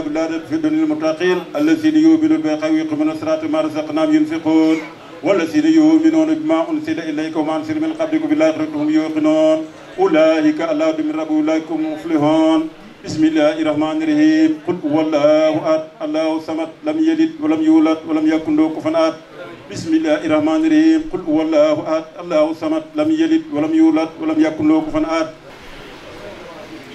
وجعلنا بلادا في الدنيا المتقين الذين يؤمنون بما من الصلاة ما رزقناهم ينفقون والذين يؤمنون بما أنزل إليك وما أنزل من قبلكم بالآخرة هم يوقنون أولئك على من رب اولئكم مفلحون بسم الله الرحمن الرحيم قل هو الله أحد الله الصمد لم يلد ولم يولد ولم يكن له كفوا أحد بسم الله الرحمن الرحيم قل هو الله أحد الله الصمد لم يلد ولم يولد ولم يكن له كفوا أحد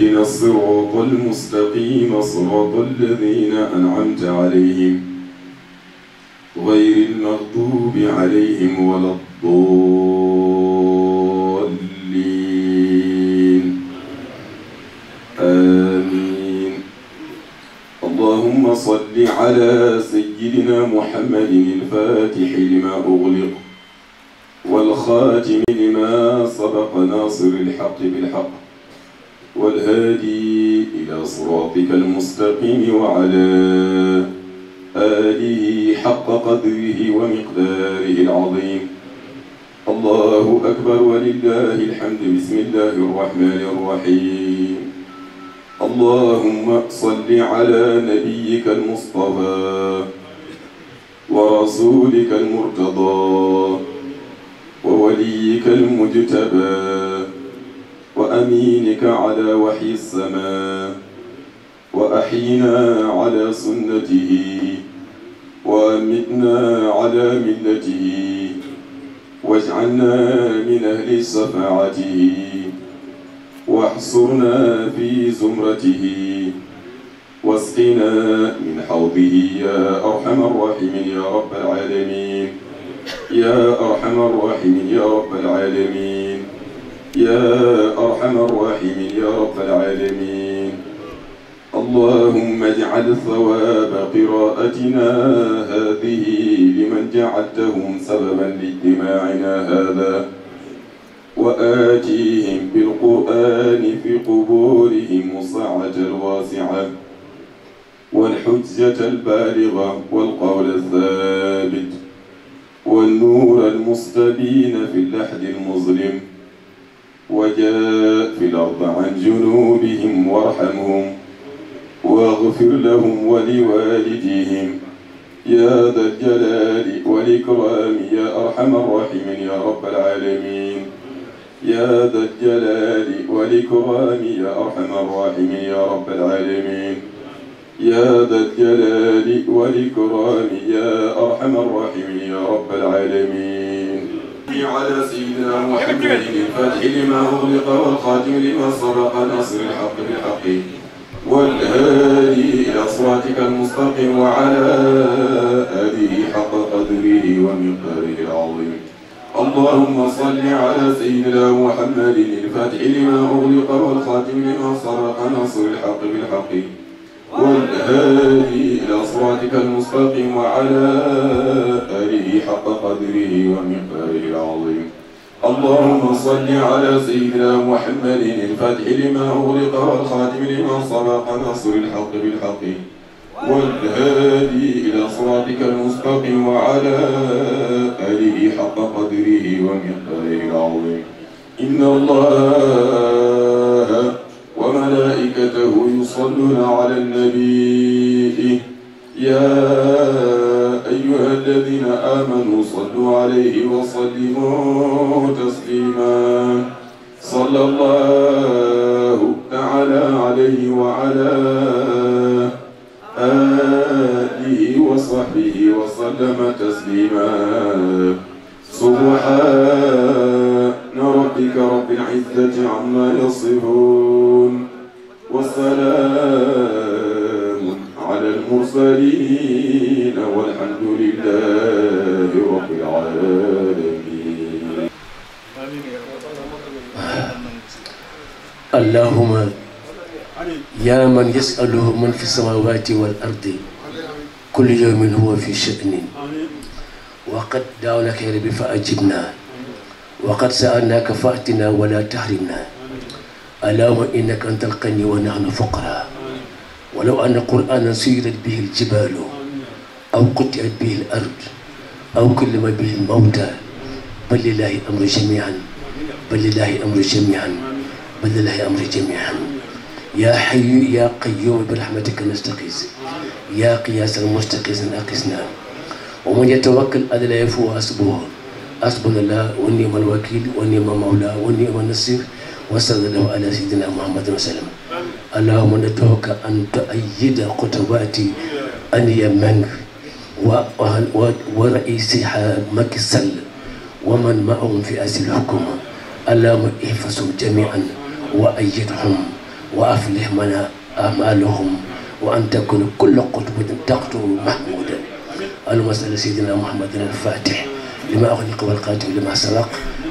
اهدنا الصراط المستقيم صراط الذين أنعمت عليهم غير المغضوب عليهم ولا الضالين آمين اللهم صل على سيدنا محمد الفاتح لما أغلق والخاتم لما سبق ناصر الحق بالحق والهادي إلى صراطك المستقيم وعلى آله حق قدره ومقداره العظيم الله أكبر ولله الحمد بسم الله الرحمن الرحيم اللهم صل على نبيك المصطفى ورسولك المرتضى ووليك المجتبى أمينك على وحي السماء وأحينا على سنته وأمتنا على ملته واجعلنا من أهل شفاعته واحصرنا في زمرته واسقنا من حوضه يا أرحم الراحمين يا رب العالمين يا أرحم الراحمين يا رب العالمين يا أرحم الراحمين يا رب العالمين اللهم اجعل ثواب قراءتنا هذه لمن جعلتهم سببا لاجتماعنا هذا وآتيهم بالقرآن في قبورهم السعة الواسعة والحجة البالغة والقول الثابت والنور المستبين في اللحد المظلم وجاء في الأرض عن جنوبهم وارحمهم واغفر لهم ولوالديهم يا ذا الجلال والإكرام يا أرحم الراحمين يا رب العالمين يا ذا الجلال والإكرام يا أرحم الراحمين يا رب العالمين يا ذا الجلال والإكرام يا أرحم الراحمين يا رب العالمين صل على سيدنا محمد الفاتح لما أغلق والخاتم لما سرق نصر الحق بالحق والهادي إلى صراطك المستقيم وعلى آله حق قدره ومقداره العظيم اللهم صل على سيدنا محمد الفاتح لما أغلق والخاتم لما سرق نصر الحق بالحق والهادي إلى صراطك المستقيم وعلى آله حق قدره ومقداره العظيم اللهم صل على سيدنا محمد الفاتح لما أغلق والخاتم لما سبق نصر الحق بالحق والهادي إلى صراطك المستقيم وعلى آله حق قدره ومقداره العظيم إن الله وملائكته يصلون على النبي يا أيها الذين آمنوا صلوا عليه وسلموا تسليما صلى الله تعالى عليه وعلى آله وصحبه وسلم تسليما سبحان ربك رب العزة عما يصفون وسلام على المرسلين والحمد لله رب العالمين اللهم يا من يسأله من في السماوات والأرض كل يوم هو في شأن وقد دعوناك يا ربي فأجبنا وقد سألناك فأتنا ولا تحرمنا ألا وإنك أنت القني ونحن فقراء ولو أن قرآنا سيرت به الجبال أو قطعت به الأرض أو كلم به الموتى بل لله أمر جميعا بل لله أمر جميعا بل لله أمر جميعا يا حي يا قيوم برحمتك نستقيس يا قياس المستقيس أقسنا ومن يتوكل على الله يفوه أسبوه حسبنا الله ونعم الوكيل ونعم المولى ونعم النصير وصلى له على سيدنا محمد وسلم اللهم ندعوك أن تؤيد خطباتي أن يمن ورئيسها مكسل ومن معهم في أسل الحكومة اللهم احفظهم جميعا وأيدهم وأفلح منا أعمالهم وأن تكون كل قطب تقتل محمودا اللهم صل سيدنا محمد الفاتح لما أغلق والقاتل لما سرق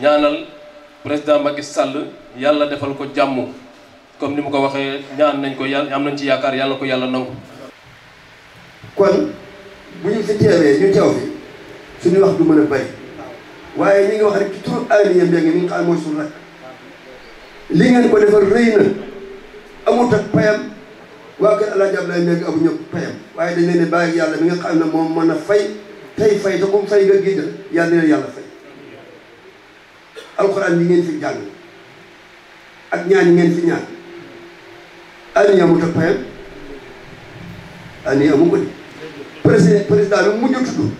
ñaanal président magis sàll yàlla defal ko jàmm comme ni mu ko waxee ñaan nañ ko yàlla am nañ ci yaakaar yàlla ko yàlla nangu. kon bu ñu fi teewee ñu teew fi suñu wax du mën a bari waaye ñu ngi wax rek ci turu Aliou Mbengue mi nga xam ko defal rëy na amut waa kër El Hadj Abdoulaye Mbengue amu ñëpp payam waaye dañ leen yàlla mi nga xam ne moom mën a fay tey fay te comme fay nga gis yàlla yàlla fay. alxuraan bi ngeen fi jàng ak ñaan yi ngeen fi ñaan ani amut ak payam ani amu président président bi mujj tudd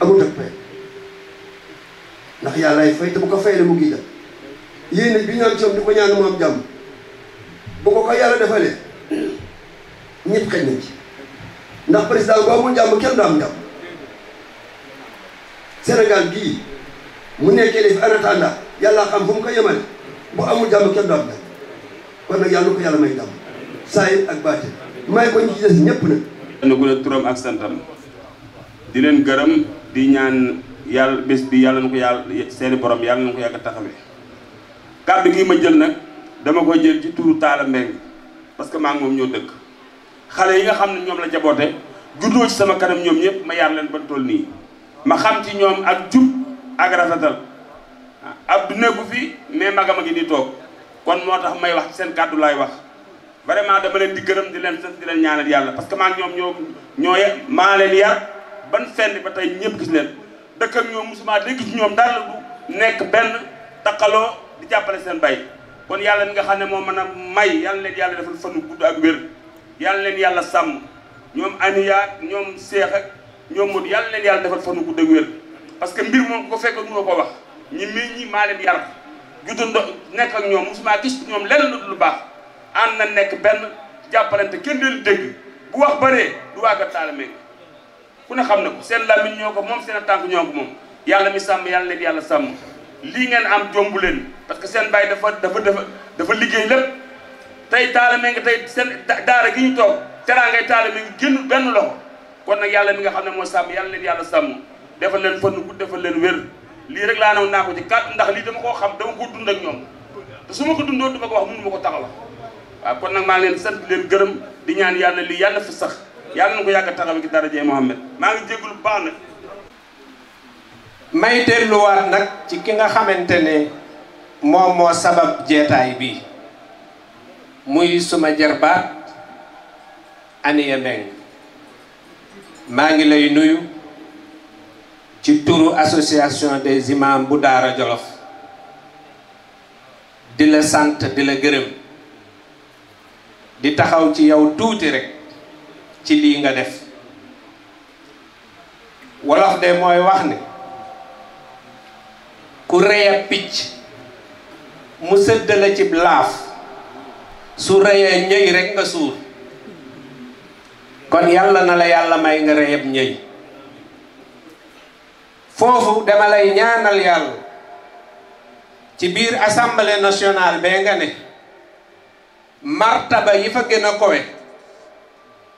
amut ak fay te ko fayee mu ngi def yéen bi ñu am coom ko ñaan mu am jàmm bu ko ko yàlla defalee ñëpp xëj nañ ndax président bu amul jàmm kenn du am Sénégal gii mu nekkee def anatanda yalla xam fu ko yemal bu amul jamm ken do am kon nak yalla ko yalla may dam say ak baati may ko ñu ci des ñëpp na gu turam ak santam di len gëram di ñaan yalla bes bi yalla na yalla seen borom yalla na ko taxame kaddu gi ma jël nak dama ko jël ci turu Talla Mbengue parce que ma ngom ñoo dekk xalé yi nga xam ne la jaboote juddoo ci sama kanam ñom ñëpp ma yar len ba tol ni ma xam ci ñom ak jup ak rafetal Abdou nekku fi mais magam a ngi ni toog kon motax may wax sen kaddu lay wax vraiment dama len di geureum di len sen di len ñaanal yalla parce que ma ak ñom ñoo ñoy ma len yar ban fenn ba tay ñepp gis len dekk ak ñom musuma léegi ci ñom dal du nek ben takalo di jappale sen bay kon yalla nga xamne mo meuna may yalla len yalla defal fannu gudd ak wer yalla len yalla sam ñom aniya ñom cheikh ak ñom mud yalla len yalla defal fannu gudd ak wer parce que mbir mo ko fekk du ko wax ñi meññi maa leen yar ju dund nekk ak ñoom musuma gis ñoom lenn lu dul baax ànd na nekk benn jàppalante kenn leen dégg bu wax bëree du waaga taalame ku ne xam ne ko seen làmmiñ ñoo ko moom seen tànk ñoo ko moom yàlla mi sàmm yàlla leen yàlla sàmm lii ngeen am jombu leen parce que seen bàyyi dafa dafa dafa dafa liggéey lépp tey taalame nga tey seen daara gi ñu toog teraa ngay taalame ngi génn benn loxo kon nag yàlla mi nga xam ne moo sàmm yàlla leen yàlla sàmm defal leen fënn ku defal leen wér lii rek laa newoon naa ko ci kàddu ndax lii dama koo xam dama ko dund ak ñoom te su ma ko dundoo dama ko wax mënu ma ko tax a kon nag maa ngi leen sant leen gërëm di ñaan yàlla lii yàlla fi sax yàlla na yàgg taxaw ci daraje Muhammad maa ngi jégalu bu baax nag. ci ki nga xamante ne moom moo sabab jeetaay bi muy suma jarbaat Aniya maa ngi lay nuyu. ci turu association des imams bu Daara Jolof di la sant di la gërëm di taxaw ci yow tuuti rekk ci lii nga def wolof de mooy wax ne ku rëya picc mu sëddale ci laaf su rëyee ñëy rekk nga suur kon yàlla na la yàlla may nga rëyab ñëy foofu dama ñaanal yàlla ci biir assemblée nationale bee nga ne martaba yi fa gën a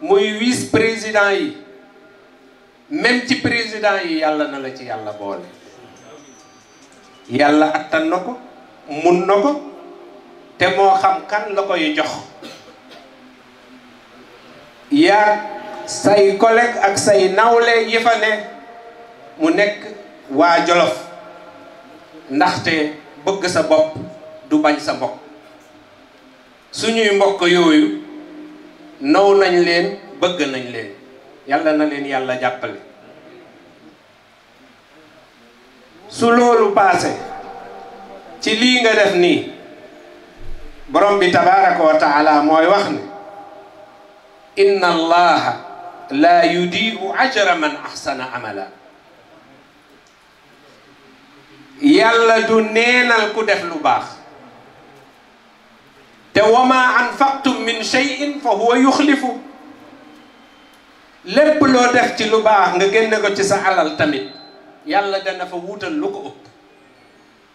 muy vice président yi même ci président yi yàlla na la ci yàlla boole yàlla attan na ko mun na ko te moo xam kan la koy jox yaa say collègue ak say nawle yi mu nekk waa Jolof ndaxte bëgg sa bopp du bañ sa mbokk suñuy mbokk yooyu naw nañ leen bëgg nañ leen yàlla na leen yàlla jàppale su loolu paase ci lii nga def nii borom bi tabaraka wa taala mooy wax ne inna allaha la yudiu ajra man ahsana amala yàlla du neenal ku def lu baax te wama anfaqtum min shay'in fa huwa yuxlifu lépp loo def ci lu baax nga génne ko ci sa alal tamit yàlla dana fa wuutal lu ko ëpp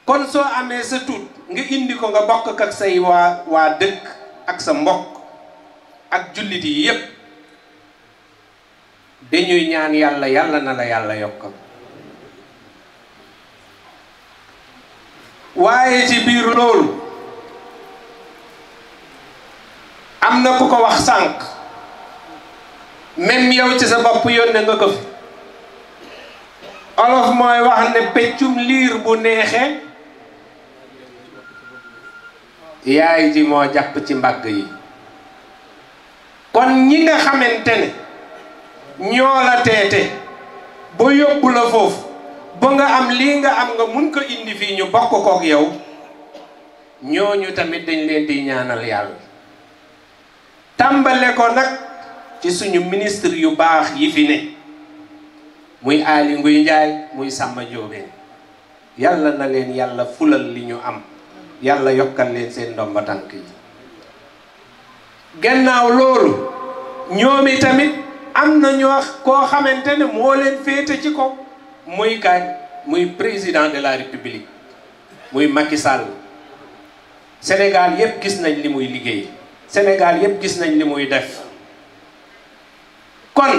kon soo amee sa tuut nga indi ko nga bokk ak say waa waa dëkk ak sa mbokk ak jullit yi yépp dañuy ñaan yàlla yàlla na la yàlla yokkal waaye ci biir loolu am na ku ko wax sànq même yow ci sa bopp yónne nga ko fi olof mooy wax ne peccum liir bu neexee yaay ji moo jàpp ci mbagg yi kon ñi nga xamante ne ñoo la teete ba yóbbu la foofu ba nga am lii nga am nga mun ko indi fii ñu bokk kook yow ñooñu tamit dañ leen di ñaanal yàlla tàmbale ko nag ci suñu ministre yu baax yi fi ne muy Aly Ngouille Ndiaye muy Samba Ndiobène yàlla na leen yàlla fulal li ñu am yàlla yokkal leen seen ndomba tànk gannaaw loolu ñoomi tamit am na ñoo koo xamante ne moo leen féete ci ko muy kañ muy président de la république muy Macky Sall Sénégal yépp gis nañ li muy liggéey Sénégal yépp gis nañ li muy def kon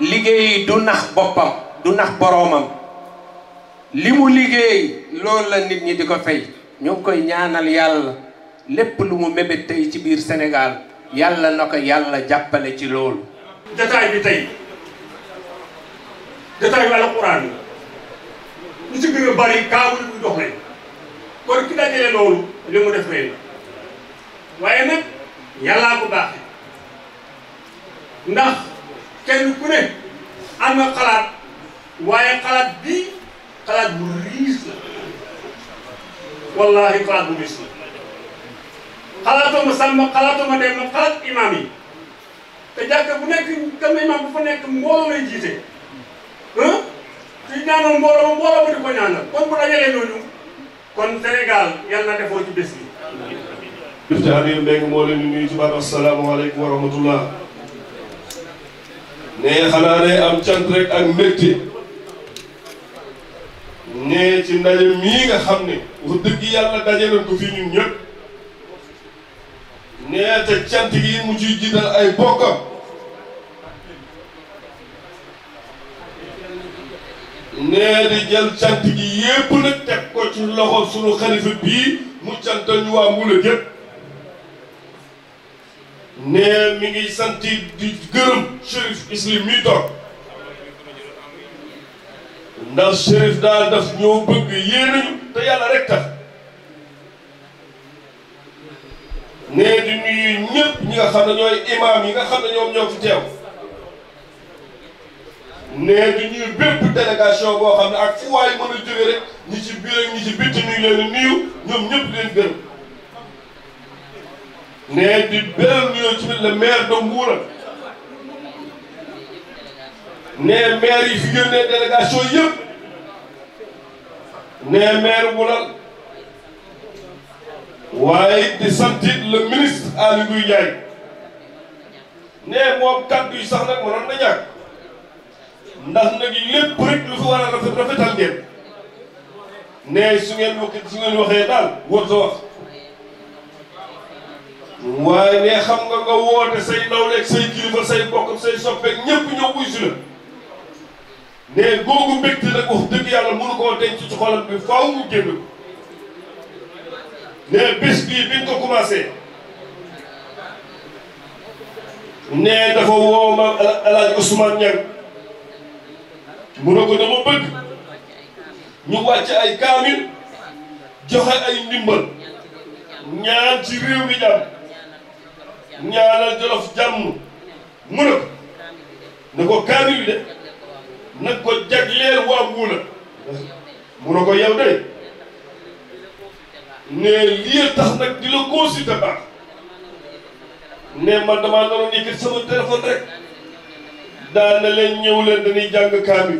liggéey du nax boppam du nax boroomam li mu liggéey loolu la nit ñi di ko fay ñu koy ñaanal yàlla lépp lu mu mébét tey ci biir Sénégal yàlla na ko yàlla jàppale ci loolu détail bi tey détail bi alxuraan lu ci gën a bari kaawul bu dox nañ kon ki dajale loolu li mu def rëy na waaye nag yàllaa ko baaxee ndax kenn ku ne am na xalaat waaye xalaat bi xalaat bu riis la wallaahi xalaat bu riis la xalaatuma sàmm xalaatuma dem na xalaat imaam yi te jàkka bu nekk kam na imaam bu fa nekk mbooloo jiite ah ci ñaanal mbooloo mbooloo bu di ko ñaanal kon bu dajalee noonu kon Sénégal yàlla na defoo ci bés bi. Mufti Habib Mbengue moo leen di nuyu ci baat asalaamaaleykum wa rahmatullah ne xanaa ne am cant ak mbégte ne ci ndaje mii xam ne wax dëgg yàlla daje nañ ko fii ñun ñëpp ne te gi mu ciy jiital ay bokkam. nee di jël cant gi yépp nag teg ko ci loxo sunu xalifa bii mu cantal ñu waa Mbuula gépp nee mi ngi sant di gërëm Chérif Islim mi toog ndax Chérif daal daf ñoo bëgg yéenañu te yàlla rek tax nee di nuyu ñëpp ñi nga xam ne ñooy imaam yi nga xam ne ñoom ñoo fi teew nee gi ñuy bépp délégation boo xam ne ak fu waay mën a jóge rek ñi ci biir ak ñi ci leen nuyu ñoom di leen gërëm nee di beral nuyoo ci le maire de Mbour nee maire yi fi génnee délégation yëpp nee waaye di sant le ministre Aly Ngouille Ndiaye nee moom kàddu yi na ñàkk. ndax nag lépp rek lu fi war a rafet rafetal ngeen ne su ngeen waxee daal warta wax waaye ne xam nga nga woote say ndawleeg say kilifa say bokk say soppeek ñëpp ñëw wuy si la ne googu mbégte nag wax dëgg yàlla mënu koo denc ci xolam bi faaw mu génn ko ne bés bii bi ko commencé ne dafa woo ma El Hadj mu ne ko dama bëgg ñu wàcc ay kaamil joxe ay ndimbal ñaan ci réew mi jàmm ñaanal Jolof jàmm mu ne ko ne ko kaamil de nag ko jagleel waa Mbuuna mu ne ko de ne lii tax nag di la consulter baax ne man damaa naroon yëkkati sama téléphone rek daan na leen ñëw leen dañuy jàng kaamil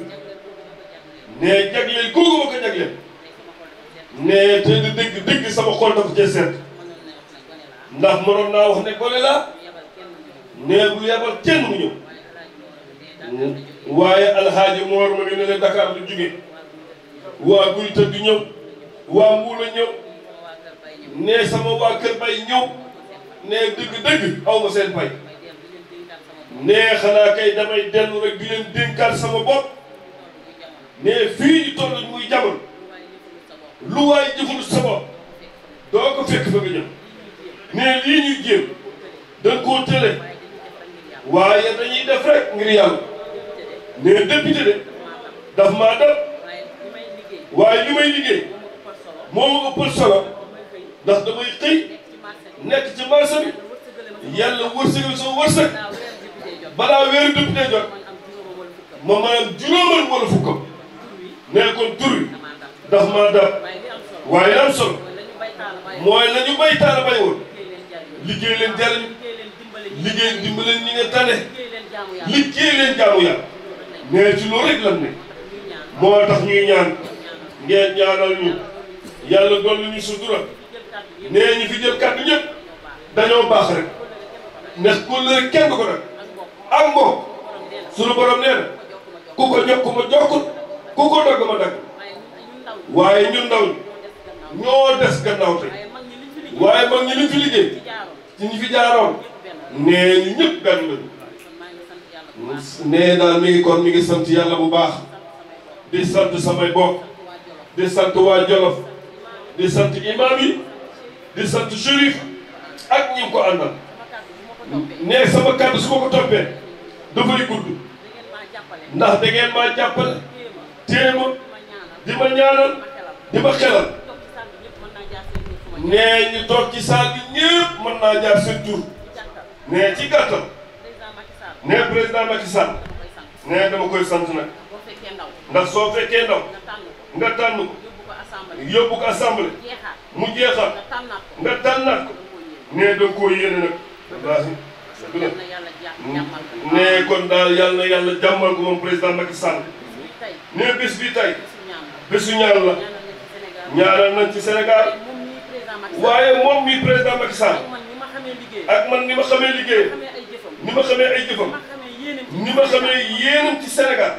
ne jagleel googu ma ko jagleel ne te di dëgg dëgg sama xol dafa cee seet ndax mënoon naa wax ne gone laa ne bu yebal kenn mu ñëw waaye alxaaji moor ma ngi ne ne Dakar lu jóge waa guy tëdd ñëw waa mbuula ñëw ne sama waa kër bay ñëw ne dëgg dëgg aw ma seen bay nee xanaa kay damay dellu rek di leen dénkaat sama bopp nee fii ñu toll muy jamono lu waay jëfandut sa doo ko fekk fa nga nee lii ñuy jéem dañ koo tële waaye dañuy def rek ngir yàlla nee député de daf maa def waaye li may liggéey moo ëppal solo ndax damay xëy nekk ci marché bi yàlla wërsëgal soo wërsëg. balaa weeru député jot ma maanaam juróomal wala fukkam ne kon tur wi daf maa waaye lan sol mooy la ñu bay taala bay woon liggéey leen jariñ liggéey dimbali leen ñi nga tane liggéey leen jaamu yàlla mais ci rek lan ne moo tax ñuy ñaan ngeen ñaanal ñu yàlla dolli ñu sutura nee ñu fi jël kàddu ñëpp dañoo baax rek ndax rek kenn ko nag. ak moom sunu borom nee na ku ko jokk ma jokkut ku ko dagg ma waaye ñun ndaw ñi ñoo des gannaaw tey waaye mag ñi liñ ci ñi fi nee ñu ñëpp benn nee daal ngi kon mi ngi sant yàlla bu baax di sant samay bokk di sant waa Jolof di sant imaam yi di sant shérif ak ñi ko àndal ne sama kàddu su ma ko toppee dafay gudd ndax da ngeen maa jàppale ma di ma ñaanal di ma xelal nee ñu toog ci saal bi ñëpp mën naa jaar seen tur nee ci gàttal nee président Macky Sall nee dama koy sant ndax soo fekkee ndaw nga tànn ko yóbbu ko assemblée mu jeexal nga tànnaat nee da nga koo yéene ne kon daal yàlla na yàlla jàmmal ko moom président Macky Sall ne bis bi tey bisu ñaan la ñaanal nañ ci Sénégal waaye moom mi président Macky Sall ak man ni ma xamee liggéey ni ma xamee ay jëfam ni ma xamee yéenam ci Sénégal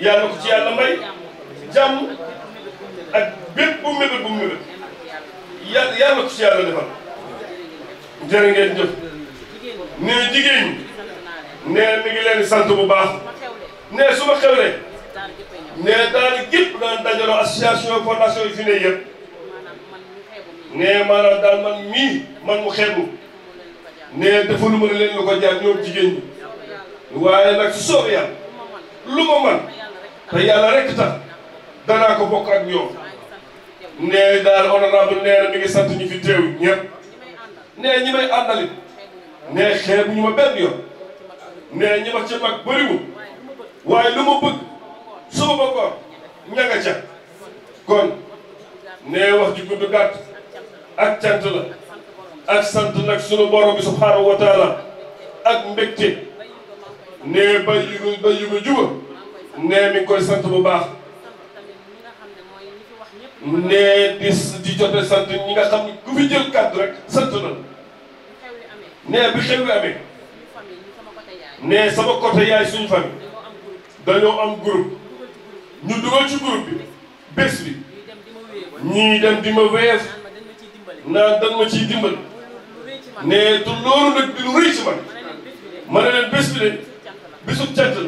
yàlla ko ci yàlla may jàmm ak bépp bu mébét bu mébét yàlla ci yàlla defal jërë ngeen jëf jigéen ñi nee mi ngi sant bu baax nee su ma xewlee nee daal gépp daan dajaloo association fondation yi fi ne yëpp nee maanaam daal man mi man mu xeebu nee dafa lu mën leen lu ko jaar jigéen ñi waaye nag su soobee yàlla lu ma man te yàlla rek tax danaa ko bokk ak ñoom nee daal honorable nee mi ngi sant fi teew ñëpp nee ñi may àndalit nee xeebu ñu ma benn yoon nee ñi ma mag bëriwul waaye lu ma bëgg suba ba koor ña nga ca kon nee wax ji gudd gàtt ak cant ak sant nag sunu borom bi subhaanahu wa taala ak mbégte nee ba yugu ba yugu juba nee mi koy sant baax ne di di jote sant ñi nga xam ne ku fi jël kàddu rek sant na ne bi xew wi amee ne sama côté am grupo ñu dugal ci groupe bi bés dem di ma wees naan dañ ma ciy dimbal ne te loolu nag di lu rëy mano man ma ne leen bés bi de bésub cant la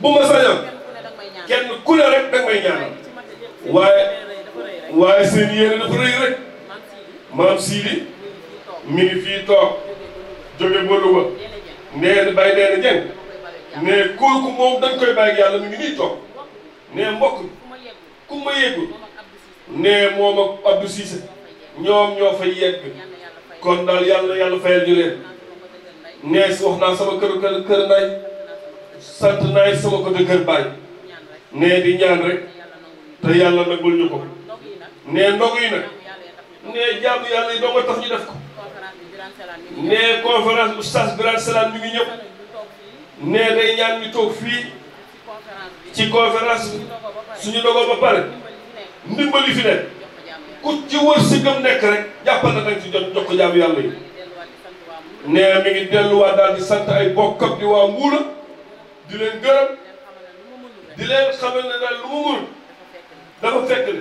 bu ma sañoon kenn ku ne rek waaye seen yéene dafa rëy rek maam Sidi mi ngi fii toog jóge ba Louga nee na bay nee na jeng ne kooku moom dañ koy bàyyi yàlla mi ngi nii toog ne mbokk ku ma yeggul ne moom ak Abdou Cissé ñoom ñoo fay yegg kon daal yàlla yàlla fayal ñu leen ne wax naa sama kër kër kër naay sant naay sama kër kër baay ne di ñaan rek te yàlla nagul ñu ko. nee ndogu yi nag nee jaamu yàlla yi doo nga tax ñu def ko nee conférence bu Oustaz Birane Salam mi ngi ñëw nee day ñaan ñu toog fii ci conférence bi suñu dogoo ba pare ndimbali fi nekk ku ci wër de gëm nekk rek jàppal na danga ci jot jox ko jaamu yi nee mi ngi delluwaat daal di sant ay bokkam di waa Mbuula di leen gërëm di leen xamal ne lu mu mën dafa fekk ne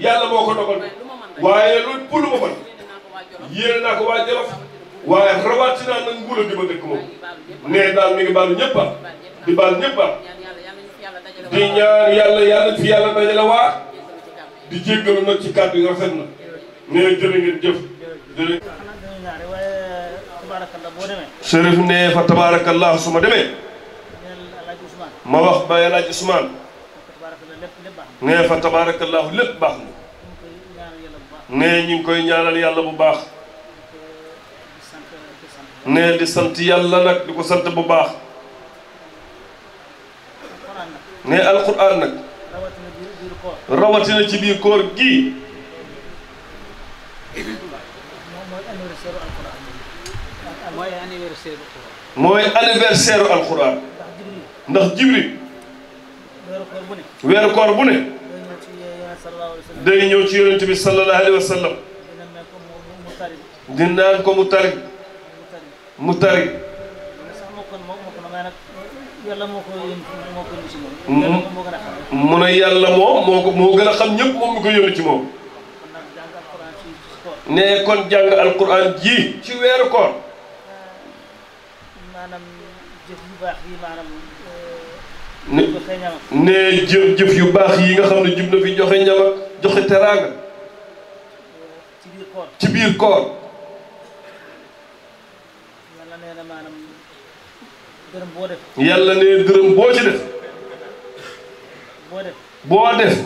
yàlla moo ko dogal waaye lu bu lu ma naa ko waa Jolof waaye rawatina nag nguuram bi moom nee daal mi ngi baal ñëpp a di baal ñëpp a di ñaan yàlla yàlla fi waa di jéggalu nag ci kàddu yi rafet na nee jërë ngeen jëf jërë. nee fa tabaarakallah su ma ma wax ba El Hadj nee fa tabaarakallaahu lépp baax na nee ñu ngi koy ñaanal yàlla bu baax nee di sant yàlla nag di ko sant bu baax nee alquran nag rawatina ci biir koor gii mooy anniversaire alquran ndax jibril weeru koor bu day ñëw ci yonent bi sallallahu alayhi wa sallam di naan ko mu tari mu tari yàlla moo ko moo gën a xam ñëpp moom ko yónni ci moom ne kon jàng alquran ji ci weer koor ne jëf jëf yu baax yi nga xam ne jub na fi joxe ñam ak joxe teraanga ci biir koor yàlla ne dërëm boo ci def boo def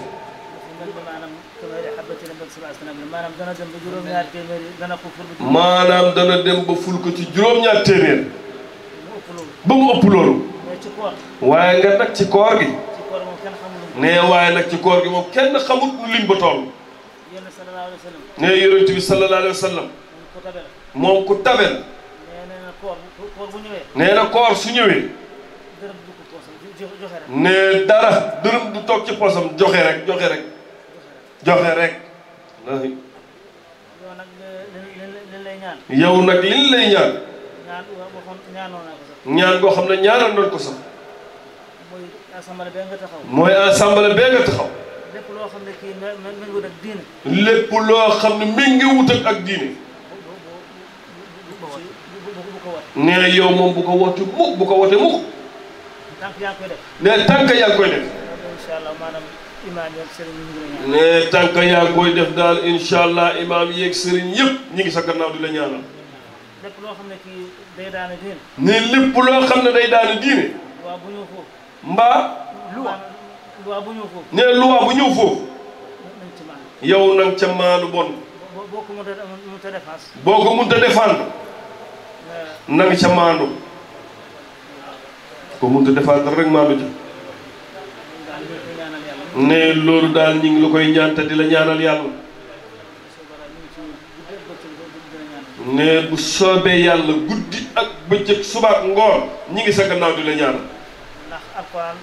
maanaam dana dem ba ci juróom-ñaar téeméer ba mu ëpp loolu waaye nga nag ci koor gi ne waaye nag ci koor gi moom kenn xamut nu lim ba toll ne yonent bi sallallahu alayhi wa sallam moom ku tabel nee na koor su ñëwee ne dara dërëm du toog ci poosam joxe rek joxe rek joxe rek yow nag liñ lay ñaan ñaan goo xam ne ñaanal nañ ko sax. mooy assemblée bee nga taxaw. lépp loo xam ne kii méngoowut ak diine. ne yow moom bu ko woote mukk bu ko woote mukk. tànk yaa def. nee tànk yaa ngi koy def. nee tànk yaa koy def daal incha imaam yeeg sëriñ yëpp ñi ngi sa a di la lépp loo xam ne kii day daane diine. ni lépp loo xam ne day daane diine. luwa bu ñëw depan. mbaa. luwa luwa bu ñëw foofu. depan luwa bu ñëw foofu. yow na nga ca bon. Euh. maandu. ko rek maandu ci. ne koy ñaan te di ñaanal ne bu soobee yàlla guddi ak bëccëg subaak ngoon ñi ngi sa gannaaw di la ñaan ndax alquran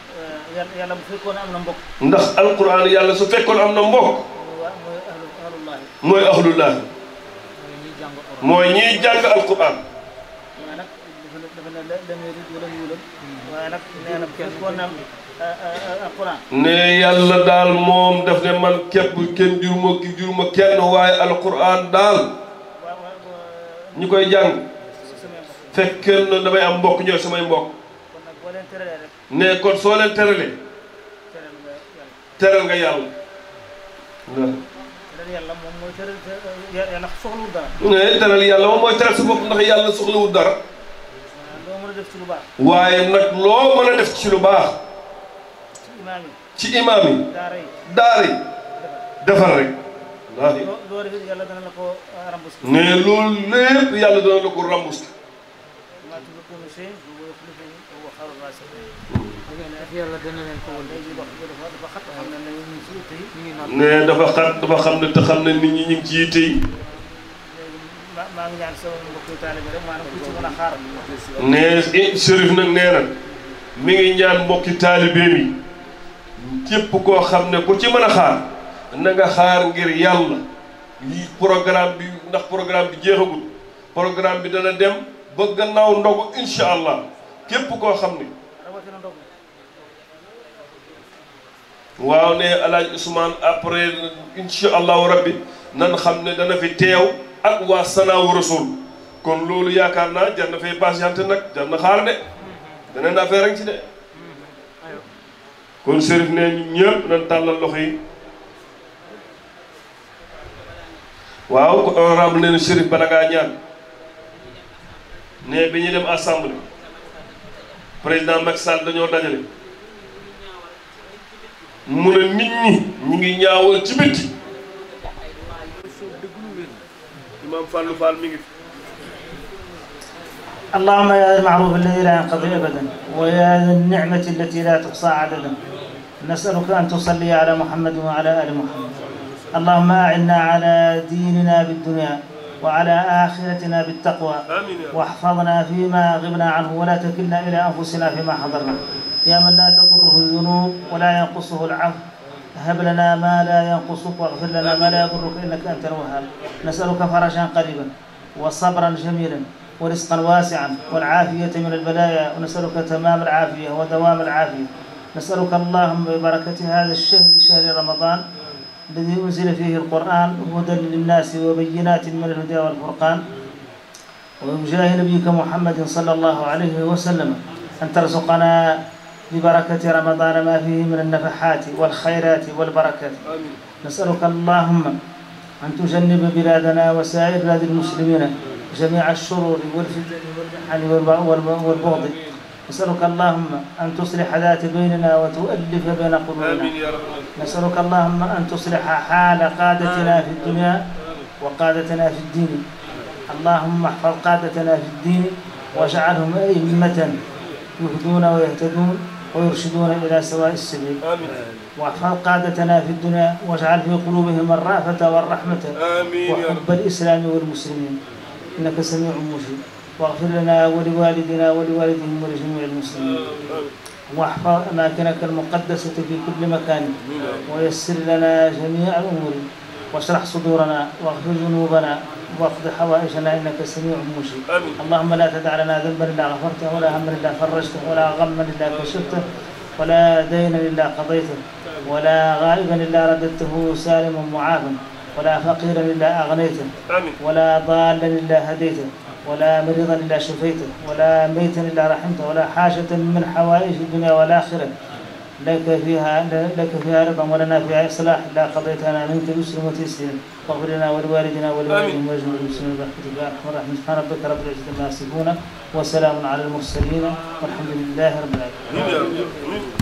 eh, yàlla bu mbokk ndax alquran su fekkoon am na mbokk mooy ahlullahi mooy ñiy jàng alquran eh, eh, ne yàlla daal moom daf ne man képp kenn juruma ki juruma kenn waaye alquran daal ñu koy jàng fekk na damay am mbokk ñooy samay mbokk ne kon soo leen teralee teral nga yàlla yàlla moom mooy teral yàlla soxlawul dara. ne teral yàlla moom mooy teral sa bopp ndax yàlla soxlawul dara. loo mën a def ci waaye nag loo mën a def ci lu baax. ci imaam yi. ci imaam wallaahi loolu it yàlla dana la ko uh, rambus. mais loolu lépp ko rambus. Hmm. ne dafa xat dafa xam ne te ne nit ñi ñu ci yitte yi. maa ngi ñaan nee e, nag nee ngi ñaan mbokki taalibe mi képp koo xam ne ku ci mën a xaar. na nga xaar ngir yàlla programme bi ndax programme bi jeexagul programme bi dana dem ba gannaaw ndogu incha allah képp koo xam ne waaw ne alaaj Ousmane après incha allahu rabbi nan xam ne dana fi teew ak waa sanaawu rasul kon loolu yaakaar naa jar na fay patiente nag jar na xaar de daneen affaire rek ci de kon sërif ne ñëpp nan tàllal loxo yi waaw ko honorable nee na Chérif bala ñaan ne biñu dem assemblée président mack Sall dañoo dajale mu ne nit ñi ñu ngi ñaawal ci bitti imam fallu Fall mi ngi اللهم يا ذا المعروف الذي لا ينقضي ابدا ويا ذا النعمه التي لا تحصى عددا نسالك ان تصلي على محمد وعلى ال محمد اللهم أعنا على ديننا بالدنيا وعلى آخرتنا بالتقوى واحفظنا فيما غبنا عنه ولا تكلنا إلى أنفسنا فيما حضرنا يا من لا تضره الذنوب ولا ينقصه العفو هب لنا ما لا ينقصك واغفر لنا ما لا يضرك إنك أنت الوهاب نسألك فرجا قريبا وصبرا جميلا ورزقا واسعا والعافية من البلايا ونسألك تمام العافية ودوام العافية نسألك اللهم ببركة هذا الشهر شهر رمضان الذي أنزل فيه القرآن هدى للناس وبينات من الهدى والفرقان ويجاه نبيك محمد صلى الله عليه وسلم أن ترزقنا ببركة رمضان ما فيه من النفحات والخيرات والبركات نسألك اللهم أن تجنب بلادنا وسائر بلاد المسلمين جميع الشرور والفتن والمحن والبغض نسألك اللهم أن تصلح ذات بيننا وتؤلف بين قلوبنا نسألك اللهم أن تصلح حال قادتنا في الدنيا وقادتنا في الدين اللهم احفظ قادتنا في الدين واجعلهم أئمة يهدون ويهتدون ويرشدون إلى سواء السبيل آمين واحفظ قادتنا في الدنيا واجعل في قلوبهم الرأفة والرحمة آمين وحب الإسلام والمسلمين إنك سميع مجيب واغفر لنا ولوالدنا ولوالدهم ولجميع المسلمين واحفظ أماكنك المقدسة في كل مكان ويسر لنا جميع الأمور واشرح صدورنا واغفر ذنوبنا واقض حوائجنا انك سميع مجيب اللهم لا تدع لنا ذنبا الا غفرته ولا هما الا فرجته ولا غما الا كشفته ولا دينا الا قضيته ولا غائبا الا رددته سالما معافا ولا فقيرا الا اغنيته ولا ضالا الا هديته ولا مريضا إلا شفيته ولا ميتا إلا رحمته ولا حاجة من حوائج الدنيا والآخرة لك فيها لك فيها رضا ولنا فيها إصلاح لا قضيتنا منك يسر وتيسر واغفر لنا ولوالدنا ولوالدهم واجمع المسلمين برحمتك يا أرحم الراحمين سبحان ربك رب العزة عما يصفون وسلام على المرسلين والحمد لله رب العالمين.